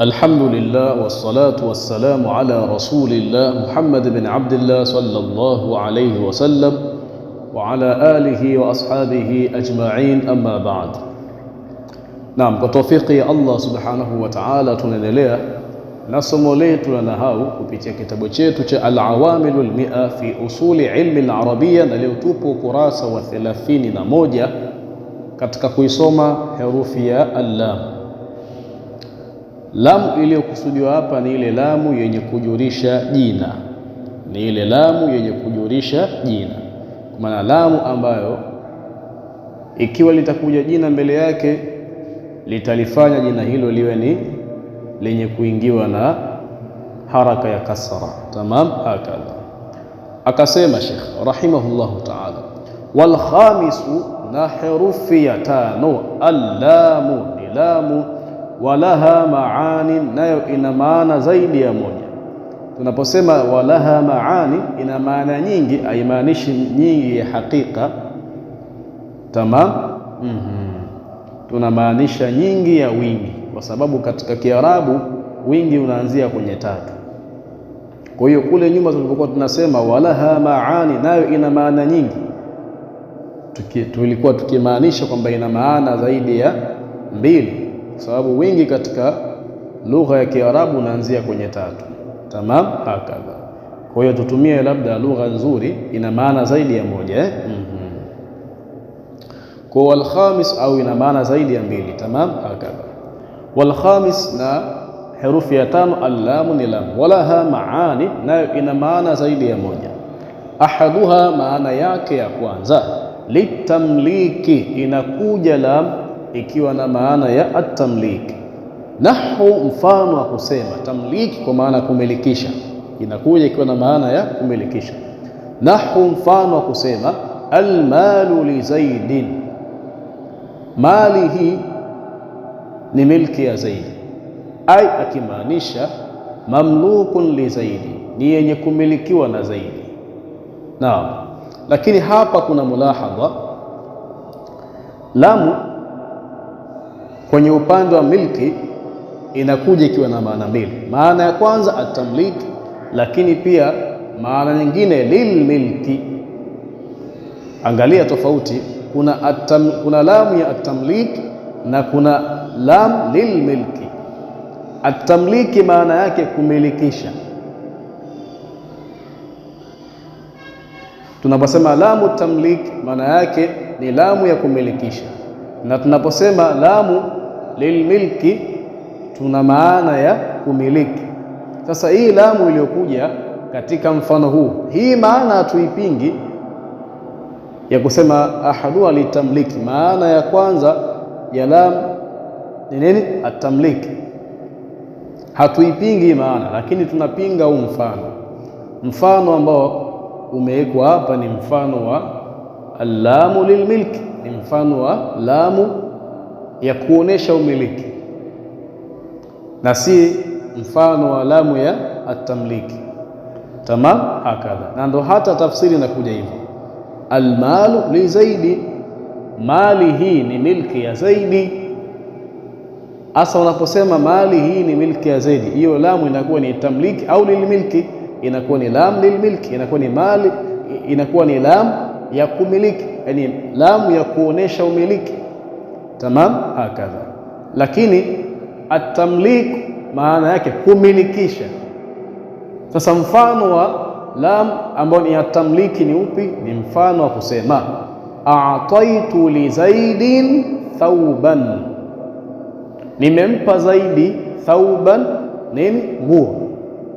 الحمد لله والصلاة والسلام على رسول الله محمد بن عبد الله صلى الله عليه وسلم وعلى آله وأصحابه أجمعين أما بعد نعم بتوفيق الله سبحانه وتعالى تنليه نسمو ليتنا نهاو كبتيا كتابو تشيتو العوامل المئة في أصول علم العربية نليو توبو كراسة وثلاثين نموجة katika kuisoma herufi اللام Lamu iliyokusudiwa hapa ni ile lamu yenye kujulisha jina, ni ile lamu yenye kujulisha jina, kwa maana lamu ambayo ikiwa litakuja jina mbele yake litalifanya jina hilo liwe ni lenye kuingiwa na haraka ya kasra. Tamam, hakadha. Akasema Sheikh rahimahullahu taala, wal khamisu, na herufi ya tano allamu ni lamu walaha maani, nayo ina maana zaidi ya moja. Tunaposema walaha maani, ina maana nyingi, aimaanishi nyingi ya hakika. Tamam, mm -hmm. Tunamaanisha nyingi ya wingi, kwa sababu katika Kiarabu wingi unaanzia kwenye tatu. Kwa hiyo kule nyuma tulipokuwa tunasema walaha maani, nayo ina maana nyingi, tulikuwa tukimaanisha kwamba ina maana zaidi ya mbili sababu wingi katika lugha ya Kiarabu unaanzia kwenye tatu. Tamam, hakadha. Kwa hiyo tutumie labda lugha nzuri, ina maana zaidi ya moja eh? mm -hmm. kwa khamis au ina maana zaidi ya mbili. Tamam, hakadha. khamis na herufi ya tano allamu ni lam, walaha maani, nayo ina maana zaidi ya moja. Ahaduha, maana yake ya kwanza litamliki, inakuja lam ikiwa na maana ya atamliki, nahu mfano wa kusema tamliki, kwa maana ya kumilikisha, inakuja ikiwa na maana ya kumilikisha. Nahu mfano wa kusema almalu li Zaidin, mali hii ni milki ya Zaidi, ai akimaanisha mamlukun li Zaidi, ni yenye kumilikiwa na Zaidi. Naam, lakini hapa kuna mulahadha lamu kwenye upande wa milki inakuja ikiwa na maana mbili. Maana ya kwanza atamliki, lakini pia maana nyingine lilmilki. Angalia tofauti, kuna atam, kuna lamu ya atamliki na kuna lam lilmilki. Atamliki maana yake kumilikisha. Tunaposema lamu tamlik, maana yake ni lamu ya kumilikisha, na tunaposema lamu lilmilki, tuna maana ya kumiliki. Sasa hii lamu iliyokuja katika mfano huu, hii maana hatuipingi ya kusema ahadu alitamliki. Maana ya kwanza ya lam ni nini? Atamliki, hatuipingi maana, lakini tunapinga huu mfano. Mfano ambao umewekwa hapa ni mfano wa allamu lilmilki, ni mfano wa lamu ya kuonesha umiliki na si mfano wa lamu ya atamliki. Tamam, hakadha. Na ndo hata tafsiri inakuja hivyo, almalu li zaidi, mali hii ni milki ya zaidi. Asa unaposema mali hii ni milki ya zaidi, hiyo lamu inakuwa ni tamliki au lilmilki, inakuwa ni lam lilmilki, inakuwa ni mali, inakuwa ni lam ya kumiliki, yani lamu ya kuonesha umiliki Tamam, hakadha. Lakini atamlik maana yake kumilikisha. Sasa mfano wa lam ambao ni atamliki ni upi? Ni mfano wa kusema ataitu li zaidin thauban, nimempa Zaidi thauban nini? Nguo.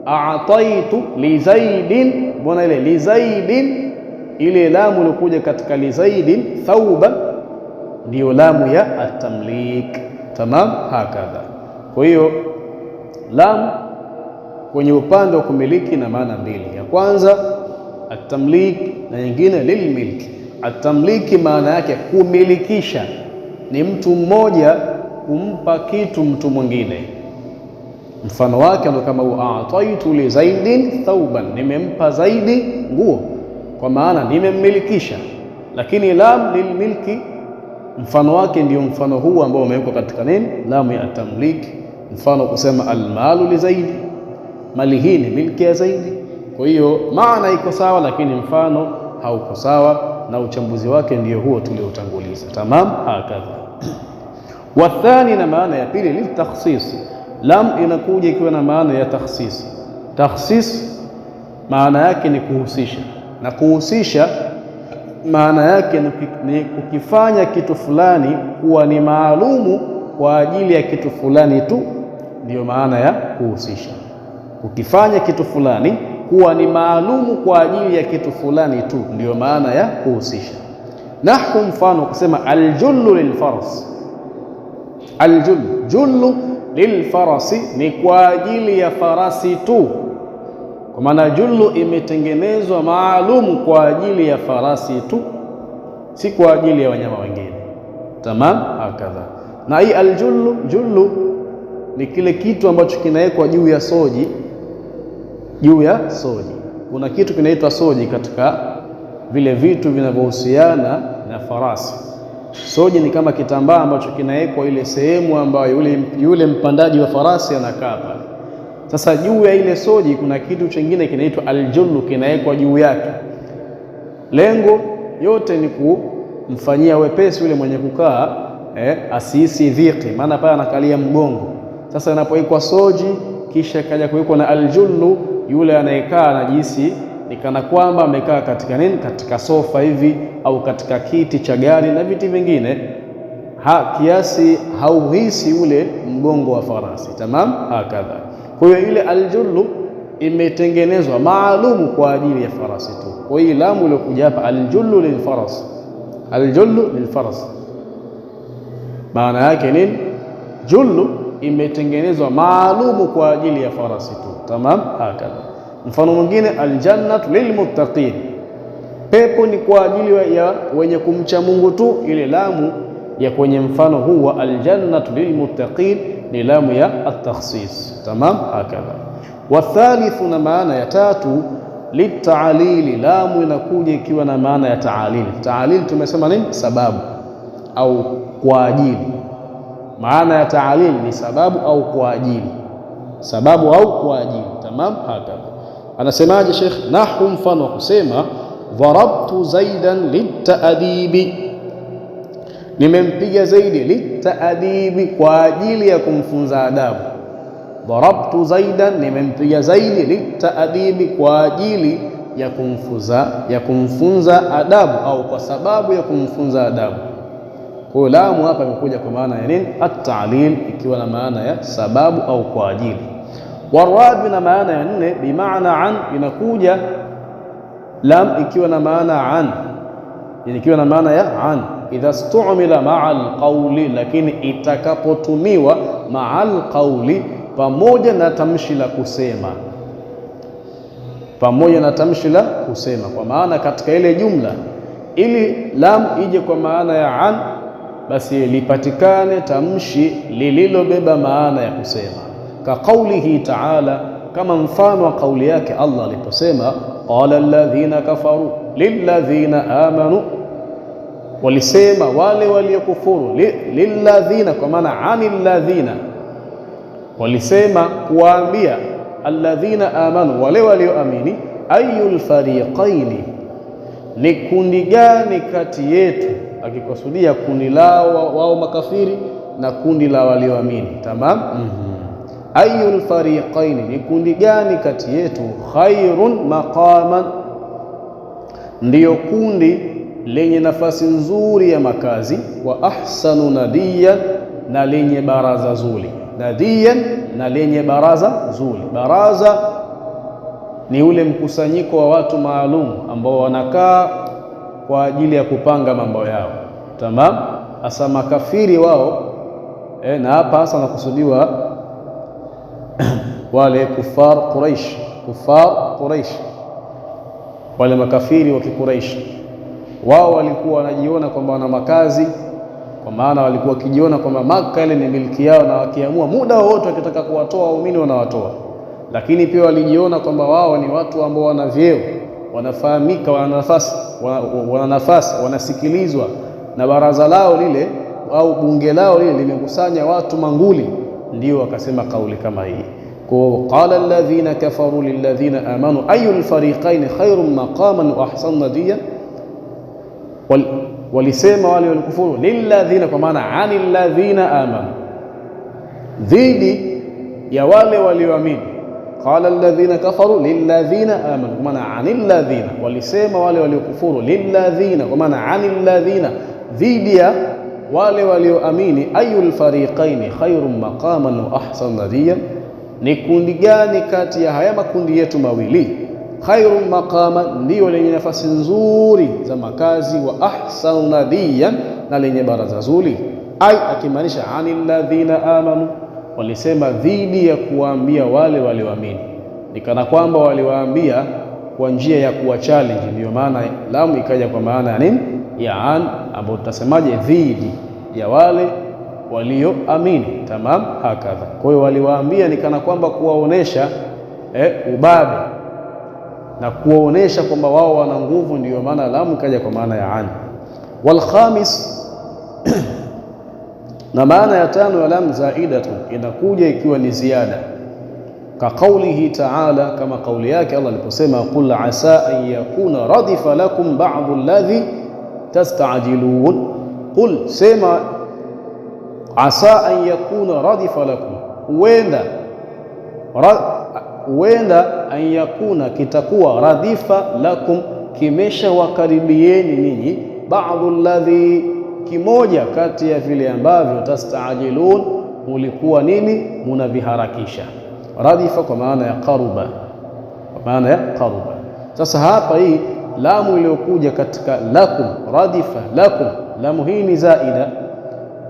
Ataitu li zaidin, mbona ile li zaidin, ile lamu ilikuja katika li zaidin thauban ndiyo lamu ya atamlik. Tamam, hakadha. Kwa hiyo lamu kwenye upande wa kumiliki na maana mbili, ya kwanza atamlik na nyingine lilmilki. Atamliki maana yake kumilikisha, ni mtu mmoja kumpa kitu mtu mwingine. Mfano wake ndio kama huo, ataitu li zaidin thauban, nimempa zaidi nguo, kwa maana nimemmilikisha. Lakini lam lilmilki mfano wake ndio mfano huu ambao umewekwa katika nini, lamu ya tamliki. Mfano kusema almalu li Zaidi, mali hii ni milki ya Zaidi. Kwa hiyo maana iko sawa, lakini mfano hauko sawa, na uchambuzi wake ndio huo tuliotanguliza Tamam, hakadha wathani. Na maana ya pili litakhsis, lam inakuja ikiwa na maana ya takhsis. Takhsis maana yake ni kuhusisha, na kuhusisha maana yake ni kukifanya kitu fulani kuwa ni maalumu kwa ajili ya kitu fulani tu, ndiyo maana ya kuhusisha. Kukifanya kitu fulani kuwa ni maalumu kwa ajili ya kitu fulani tu, ndiyo maana ya kuhusisha. Nahu, mfano kusema aljullu lilfaras, aljullu jullu lilfarasi ni kwa ajili ya farasi tu. Kwa maana jullu imetengenezwa maalum kwa ajili ya farasi tu, si kwa ajili ya wanyama wengine. Tamam, hakadha. Na hii aljullu, jullu ni kile kitu ambacho kinawekwa juu ya soji, juu ya soji. Kuna kitu kinaitwa soji katika vile vitu vinavyohusiana na farasi. Soji ni kama kitambaa ambacho kinawekwa ile sehemu ambayo yule, yule mpandaji wa farasi anakaa pale sasa juu ya ile soji kuna kitu chengine kinaitwa aljullu kinawekwa juu yake. Lengo yote ni kumfanyia wepesi yule mwenye kukaa eh, asihisi dhiki, maana pale anakalia mgongo. Sasa inapowekwa soji kisha kaja kuwekwa na aljullu, yule anayekaa anajihisi ni kana kwamba amekaa katika nini, katika sofa hivi au katika kiti cha gari na viti vingine ha, kiasi hauhisi ule mgongo wa farasi. Tamam, hakadha kwa hiyo ile aljullu imetengenezwa maalumu kwa ajili ya farasi tu. Kwa hiyo lamu iliyokuja hapa aljullu lilfaras, aljullu lilfaras, maana yake nini? Jullu imetengenezwa maalumu kwa ajili ya farasi tu. Tamam, hakadha. Mfano mwingine aljannatu lilmuttaqin, pepo ni kwa ajili ya wenye kumcha Mungu tu. Ile lamu ya kwenye mfano huu wa aljannatu lilmuttaqin ni lamu ya atakhsis. Tamam, hakadha. Wa thalithu, na maana ya tatu litaalili, lamu inakuja ikiwa na maana ya taalili. Taalili tumesema nini? Sababu au kwa ajili. Maana ya taalili ni sababu au kwa ajili, sababu au kwa ajili. Tamam, hakadha. Anasemaje Sheikh? Nahu, mfano wa kusema dharabtu zaidan litadibi nimempiga Zaidi litaadibi, kwa ajili ya kumfunza adabu. Darabtu Zaidan, nimempiga Zaidi litaadibi, kwa ajili ya kumfunza ya kumfunza adabu, au kwa sababu ya kumfunza adabu. Kwa lamu hapa imekuja kwa maana ya nini? At-ta'lil, ikiwa na maana ya sababu au kwa ajili. Warabi na maana ya nne, maana an, inakuja lam ikiwa na maana an, ikiwa na maana ya an idha stu'mila ma'al qawli, lakini itakapotumiwa ma'al qawli, pamoja na tamshi la kusema, pamoja na tamshi la kusema. Kwa maana katika ile jumla, ili lam ije kwa maana ya an, basi lipatikane tamshi lililobeba maana ya kusema, ka qawlihi ta'ala, kama mfano wa kauli yake Allah aliposema, qala alladhina kafaru lilladhina amanu walisema wale waliokufuru lilladhina, kwa maana anil ladhina, walisema kuwaambia alladhina amanu, wale walioamini, ayul fariqaini, ni kundi gani kati yetu, akikusudia kundi lao wao makafiri na kundi la walioamini. Tamam, mm -hmm. ayul fariqaini, ni kundi gani kati yetu, khairun maqaman, ndiyo kundi lenye nafasi nzuri ya makazi, wa ahsanu nadiyan, na lenye baraza zuri. Nadiyan, na lenye baraza zuri. Baraza ni ule mkusanyiko wa watu maalum ambao wanakaa kwa ajili ya kupanga mambo yao. Tamam. Hasa makafiri wao e, na hapa hasa nakusudiwa wale kufar Quraish, kufar Quraish, wale makafiri wa Kikuraishi wao walikuwa wanajiona kwamba wana makazi, kwa maana walikuwa wakijiona kwamba Maka ile ni milki yao, na wakiamua muda wowote wakitaka kuwatoa waumini wanawatoa. Lakini pia walijiona kwamba wao ni watu ambao wana vyeo, wanafahamika, wana nafasi, wana nafasi, wanasikilizwa na baraza lao lile au bunge lao lile limekusanya watu manguli, ndio wakasema kauli kama hii. Qala alladhina kafaru lilladhina amanu ayu lfariqaini khairun maqaman wa ahsan nadiya walisema wale walikufuru lilladhina, kwa maana ani ladhina amanu, dhidi ya wale walioamini. Qala alladhina kafaru lilladhina amanu, kwa maana anil ladhina, walisema wale waliokufuru lilladhina, kwa maana anil ladhina, dhidi ya wale walioamini. ayu fariqaini khairun maqaman wa ahsan nadiya ni kundi gani kati ya haya makundi yetu mawili khairu maqama, ndio lenye nafasi nzuri za makazi, wa ahsanu nadiyan, na lenye baraza zuri. Ai, akimaanisha anil ladhina amanu, walisema dhidi ya kuwaambia wale walioamini, nikana kwamba waliwaambia kwa njia ya kuwa challenge, ndiyo maana lamu ikaja kwa maana ya nini ya an, ambao tutasemaje, dhidi ya wale walioamini. Tamam, hakadha. Kwa hiyo waliwaambia nikana kwamba kuwaonesha eh, ubabe na kuwaonesha kwamba wao wana nguvu, ndio maana lam kaja kwa maana ya an. wal khamis na maana ya tano ya lam zaidatu inakuja ikiwa ni ziada, ka kaulihi taala, kama kauli yake Allah aliposema qul asa an yakuna radifa lakum ba'du alladhi tastaajilun Qul, sema asa an yakuna radifa lakum, huenda huenda anyakuna kitakuwa radhifa lakum kimeshawakaribieni ninyi baadhu alladhi, kimoja kati ya vile ambavyo tastaajilun, mulikuwa nini munaviharakisha. Radhifa kwa maana ya karuba kwa maana ya qaruba. Sasa hapa hii lamu iliyokuja katika lakum, radhifa lakum, lamu hii ni zaida.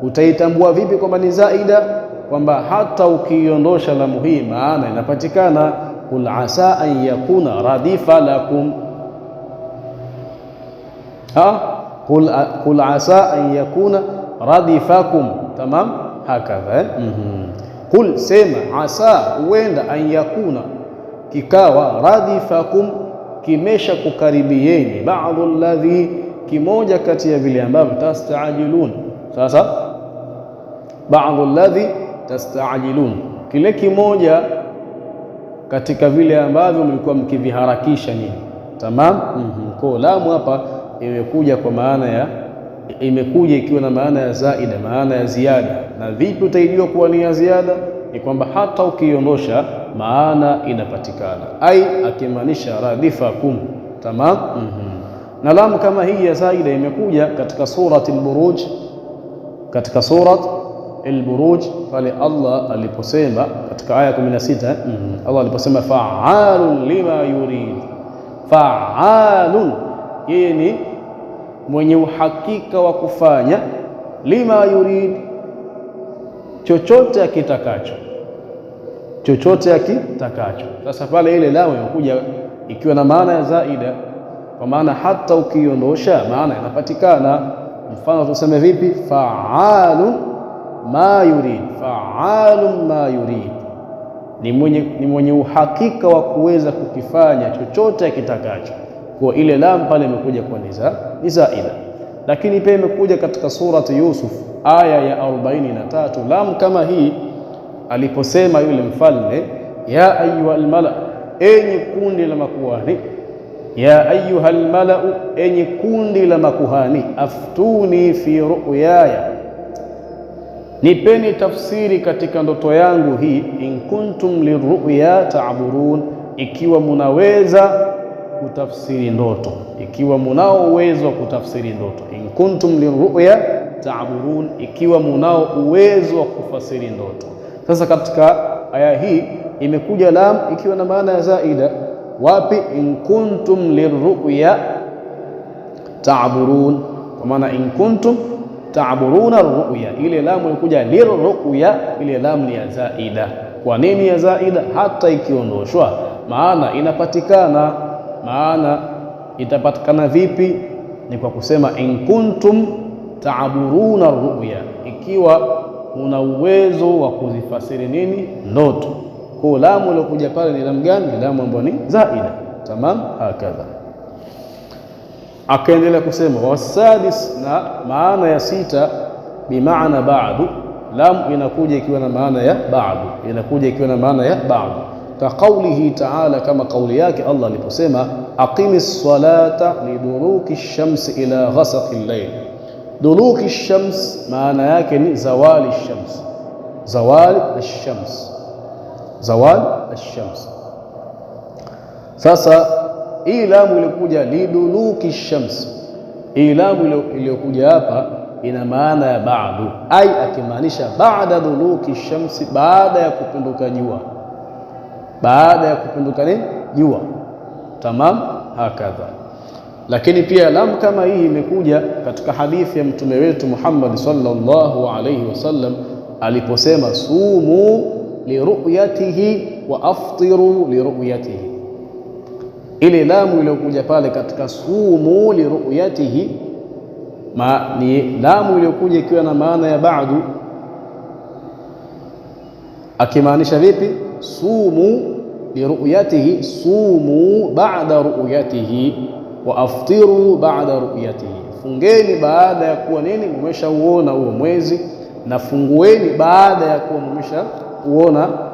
Utaitambua vipi kwamba ni zaida? kwamba hata ukiondosha la hii maana inapatikana, kul asa an yakuna radifa lakum ha kul, kul asa an yakuna radifakum tamam hakadha mhm kul sema, asa uenda, an yakuna kikawa, radifakum kimesha kukaribieni, ba'dhu alladhi kimoja kati ya vile ambavyo tastaajilun. Sasa ba'dhu alladhi tastaajilun, kile kimoja katika vile ambavyo mlikuwa mkiviharakisha nini. Tamam. mm -hmm. Ko lamu hapa imekuja kwa maana ya imekuja ikiwa na maana ya zaida, maana ya ziada. Na vipi utaijua kuwa ni ya ziada? Ni kwamba hata ukiondosha maana inapatikana, ai akimaanisha kum. Tamam. mm -hmm. na lamu kama hii ya zaida imekuja katika surati al-Buruj, katika surati al-Buruj pale Allah aliposema katika aya 16 Allah aliposema fa'alun lima yurid, fa'alun, yeye ni mwenye uhakika wa kufanya lima yurid, chochote akitakacho, chochote akitakacho. Sasa pale ile lamu inakuja ikiwa na maana ya zaida, kwa maana hata ukiondosha maana inapatikana. Mfano tuseme vipi? fa'alun ma yurid, faalun ma yurid, ni mwenye, ni mwenye uhakika wa kuweza kukifanya chochote akitakacho. Kwa ile lam pale imekuja kwa niza ni zaida, lakini pia imekuja katika surati Yusuf aya ya 43 lam kama hii aliposema yule mfalme ya ayuha almala, enyi kundi la makuhani ya ayuha almala, enyi kundi la makuhani, aftuni fi ruyaya nipeni tafsiri katika ndoto yangu hii, in kuntum liruya ta'burun, ikiwa munaweza kutafsiri ndoto, ikiwa munao uwezo wa kutafsiri ndoto. In kuntum liruya ta'burun, ikiwa munao uwezo wa kufasiri ndoto. Sasa katika aya hii imekuja lam ikiwa na maana ya zaida. Wapi? in kuntum liruya ta'burun, kwa maana in kuntum ta'buruna ruya, ile lamu ilikuja lirruya, ile lamu ni ya zaida. Kwa nini ya zaida? Hata ikiondoshwa maana inapatikana. Maana itapatikana vipi? Ni kwa kusema in kuntum ta'buruna ruya, ikiwa una uwezo wa kuzifasiri nini ndoto. Kwa lamu ilikuja pale ni lamu gani? Ni lamu ambayo ni zaida. Tamam, hakadha Akaendelea kusema wasadis, na maana ya sita, bimaana baadu Lam inakuja ikiwa na maana ya baadu inakuja ikiwa na maana ya baadu ka qaulihi ta'ala, kama kauli yake Allah aliposema aqimis salata liduruki shamsi ila ghasaqi llail. Duruki shams maana yake ni zawali shams, zawali ash-shams, zawali ash-shams. Sasa Hii lamu iliyokuja liduluki shams, hii lamu iliyokuja hapa ina maana ya ba'du, ai akimaanisha baada duluki shamsi, baada ya kupinduka jua, baada ya kupinduka nini jua. Tamam, hakadha. Lakini pia lamu kama hii imekuja katika hadithi ya mtume wetu Muhammad sallallahu alaihi wasallam aliposema, sumu liruyatihi wa aftiru liruyatihi ile lamu iliyokuja pale katika sumu liruyatihi ma, ni lamu iliyokuja ikiwa na maana ya ba'du, akimaanisha vipi? Sumu liruyatihi, sumu ba'da ruyatihi wa aftiru baada ruyatihi, fungeni baada ya kuwa nini, uona huo mwezi, na fungueni baada ya kuwa uona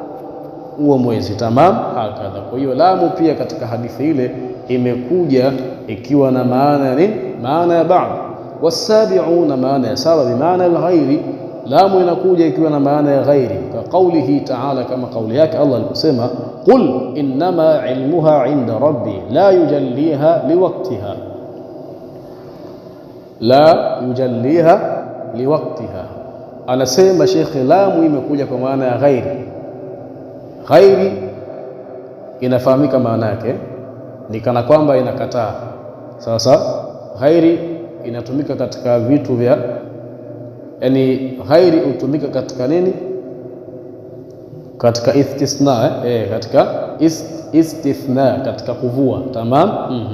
huo mwezi. Tamam, hakadha. Kwa hiyo lamu pia katika hadithi ile imekuja ikiwa na maana ya nini? Maana ya ba'd wasabiu, na maana ya saba, bi maana ya Lamu inakuja ikiwa na maana ya ghairi, ka qaulihi ta'ala, kama kauli yake Allah aliposema, qul innama ilmuha inda rabbi la yujalliha liwaktiha la yujalliha liwaqtiha. Anasema shekhe, lamu imekuja kwa maana ya ghairi Ghairi inafahamika maana yake ni kana kwamba inakataa. Sasa ghairi inatumika katika vitu vya yani, ghairi hutumika katika nini? Katika istithna eh, katika ist, istithna katika kuvua. Tamam, mm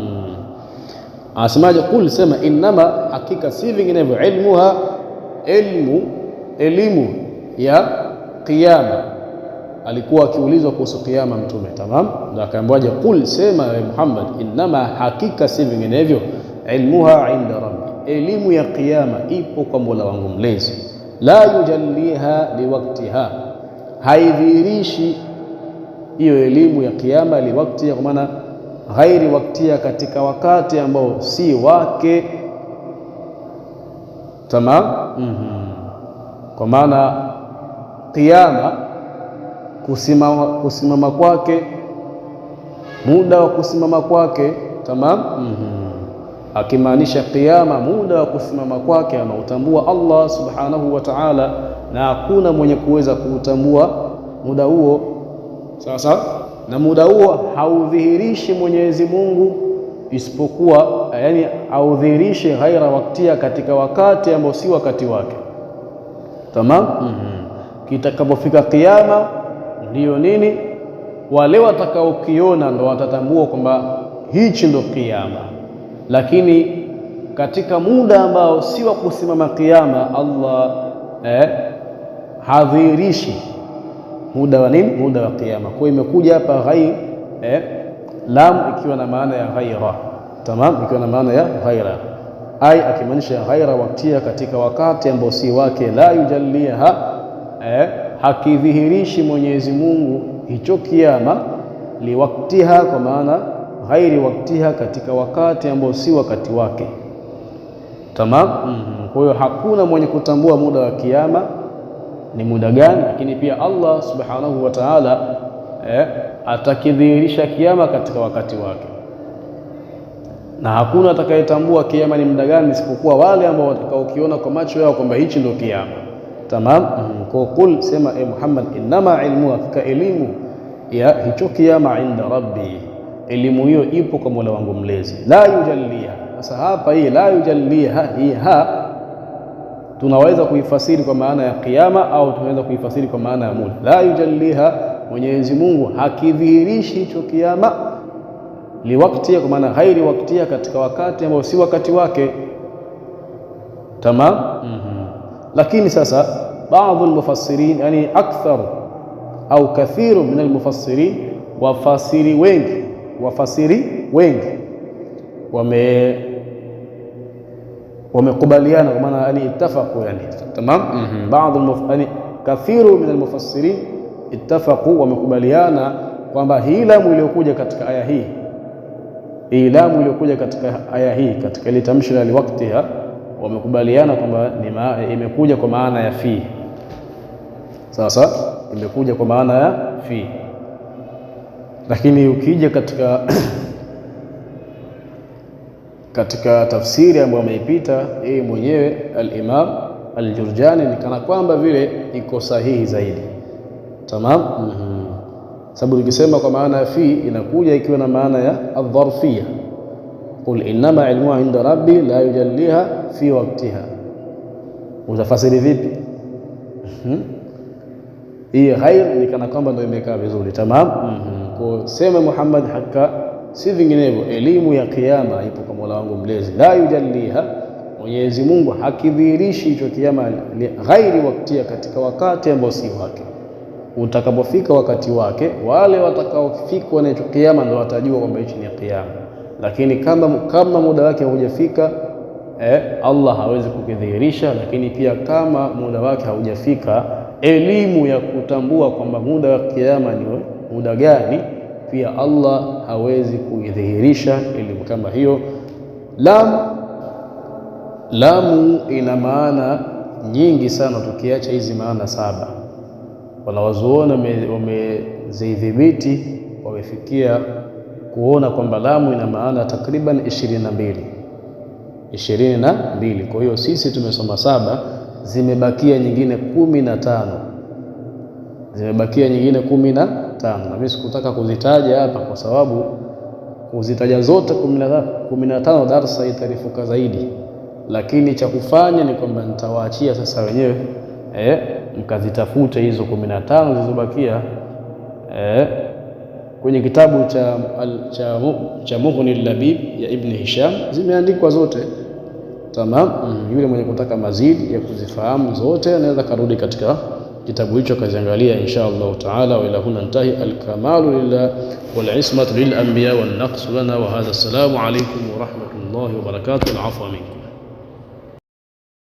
-hmm. Kul, sema innama, hakika si vinginevyo, ilmuha, ilmu elimu ya qiyama alikuwa akiulizwa kuhusu kiama Mtume, tamam, na akaambiwaje? Qul, sema ya Muhammad, innama, hakika si vinginevyo, ilmuha inda rabbi, elimu ya kiama ipo kwa Mola wangu mlezi, la yujalliha liwaktiha, haidhihirishi hiyo elimu ya kiama liwaktiha, kwa maana ghairi waktia, katika wakati ambao si wake, tamam. mm -hmm. kwa maana kiama kusimama, kusimama kwake, muda wa kusimama kwake tamam. mm -hmm. Akimaanisha kiama, muda wa kusimama kwake anautambua Allah subhanahu wa ta'ala, na hakuna mwenye kuweza kuutambua muda huo sasa, na muda huo haudhihirishi Mwenyezi Mungu isipokuwa, yani haudhihirishi ghaira waktia, katika wakati ambao si wakati wake tamam. mm -hmm. Kitakapofika kiama ndiyo nini? Wale watakaokiona ndo watatambua kwamba hichi ndo kiama, lakini katika muda ambao si wa kusimama kiama, Allah eh, hadhirishi muda wa nini? Muda wa kiama. Kwa imekuja hapa ghai eh, lam ikiwa na maana ya ghaira, tamam, ikiwa na maana ya ghaira ai akimaanisha ghaira waktia, katika wakati ambao si wake, la yujalliha eh, akidhihirishi Mwenyezi Mungu hicho kiama, liwaktiha, kwa maana ghairi waktiha, katika wakati ambao si wakati wake. Tamam. Mm-hmm. Kwa hiyo hakuna mwenye kutambua muda wa kiama ni muda gani, lakini pia Allah subhanahu wa ta'ala eh, atakidhihirisha kiama katika wakati wake, na hakuna atakayetambua kiama ni muda gani isipokuwa wale ambao watakaokiona kwa macho yao kwamba hichi ndio kiama. Tamam. ko hmm, kul, sema e Muhammad, innama ilmu, hakika elimu ya hicho kiama inda rabbi, elimu hiyo ipo kwa Mola wangu mlezi. La yujalliha, sasa hapa hii la yujalliha hii ha tunaweza kuifasiri kwa maana ya kiyama au tunaweza kuifasiri kwa maana ya muda. La yujalliha, Mwenyezi Mungu hakidhihirishi hicho kiyama liwaktia, kwa maana ghairi waktia, katika wakati ambao si wakati wake. Tamam. Hmm. Lakini sasa baadhi almufassirin, yani akthar au kathiru min almufassirin, wafasiri wengi wafasiri wengi wame wamekubaliana kwa maana yani ittafaqu yani tamam. mm -hmm. Yani kathiru min almufassirin ittafaqu, wamekubaliana kwamba hii lamu iliyokuja katika aya hii, hii lamu iliyokuja katika aya hii katika ile tamshi la liwaktiha wamekubaliana kwamba imekuja kwa maana ya fi. Sasa imekuja kwa maana ya fi, lakini ukija katika katika tafsiri ambayo ameipita yeye mwenyewe al-Imam al-Jurjani ni kana kwamba vile iko sahihi zaidi. Tamam, mm -hmm. Sababu nikisema kwa maana ya fi inakuja ikiwa na maana ya adh dharfiyah qul innama ilmuha inda rabbi la yujalliha fi waqtiha. Utafasiri vipi mhm. hii khair? Ni kana kwamba ndio imekaa vizuri, tamam. Mhm. Kwa sema Muhammad haka si vinginevyo. Elimu ya kiyama ipo kwa Mola wangu mlezi, la yujalliha, Mwenyezi Mungu hakidhihirishi hicho kiyama ghairi waktia, katika wakati ambao si wake utakapofika wakati wake, wale watakaofikwa na hicho kiyama ndio watajua kwamba hichi ni kiyama lakini kama, kama muda wake haujafika eh, Allah hawezi kukidhihirisha. Lakini pia kama muda wake haujafika, elimu ya kutambua kwamba muda wa kiyama ni muda gani, pia Allah hawezi kuidhihirisha elimu kama hiyo. Lam, lamu ina maana nyingi sana, tukiacha hizi maana saba wanawazuona wamezidhibiti wamefikia kuona kwamba Lamu ina maana takriban ishirini na mbili ishirini na mbili. Kwa hiyo sisi tumesoma saba, zimebakia nyingine kumi na tano zimebakia nyingine kumi na tano, na mimi sikutaka kuzitaja hapa kwa sababu kuzitaja zote kumi na tano darsa itarifuka zaidi, lakini cha kufanya ni kwamba nitawaachia sasa wenyewe eh, mkazitafute hizo kumi na tano zilizobakia eh, kwenye kitabu cha, cha, cha Mughni Labib ya Ibn Hisham zimeandikwa zote. Tamam, mm-hmm. yule mwenye kutaka mazidi ya kuzifahamu zote anaweza karudi katika kitabu hicho kaziangalia, insha Allah taala. Wa ila huna ntahi, alkamalu lillah wal ismatu lil anbiya wan naqsu lana. Wa hadha, assalamu alaykum wa rahmatullahi wa barakatuh. Al afwa minkum.